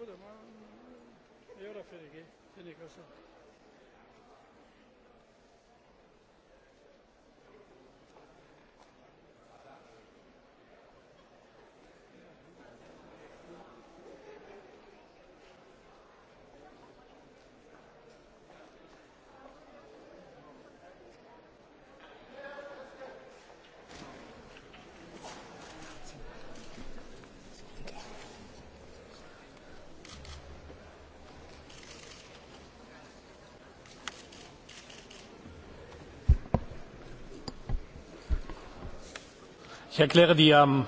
pure, ma... E eh, ora fede che? Fede cosa? ich erkläre die am. Ähm,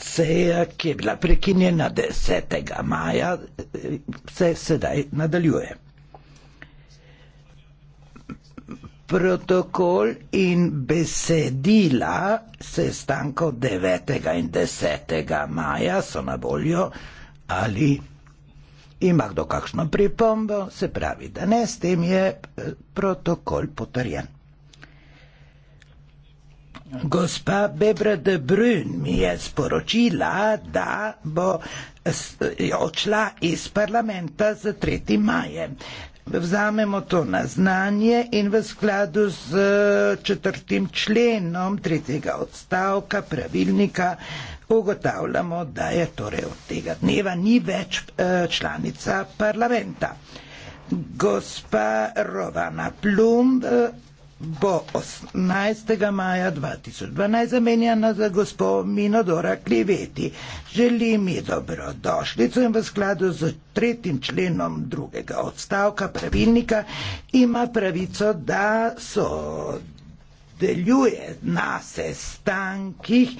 Sejak je bila prekinjena 10. maja, se sedaj nadaljuje. Protokol in besedila sestankov 9. in 10. maja so na voljo, ali ima kdo kakšno pripombo, se pravi, da ne, s tem je eh, protokol potrjen. Gospa Bebra de Brun mi je sporočila, da bo odšla iz parlamenta za 3. majem. Vzamemo to na znanje in v skladu z četrtim členom tretjega odstavka pravilnika ugotavljamo, da je torej od tega dneva ni več eh, članica parlamenta. Gospa Rovana Plum eh, bo 18. maja 2012 zamenjana za gospo Minodora Kliveti. Želim ji dobrodošlico in v skladu z tretjim členom drugega odstavka pravilnika ima pravico, da so deluje na sestankih.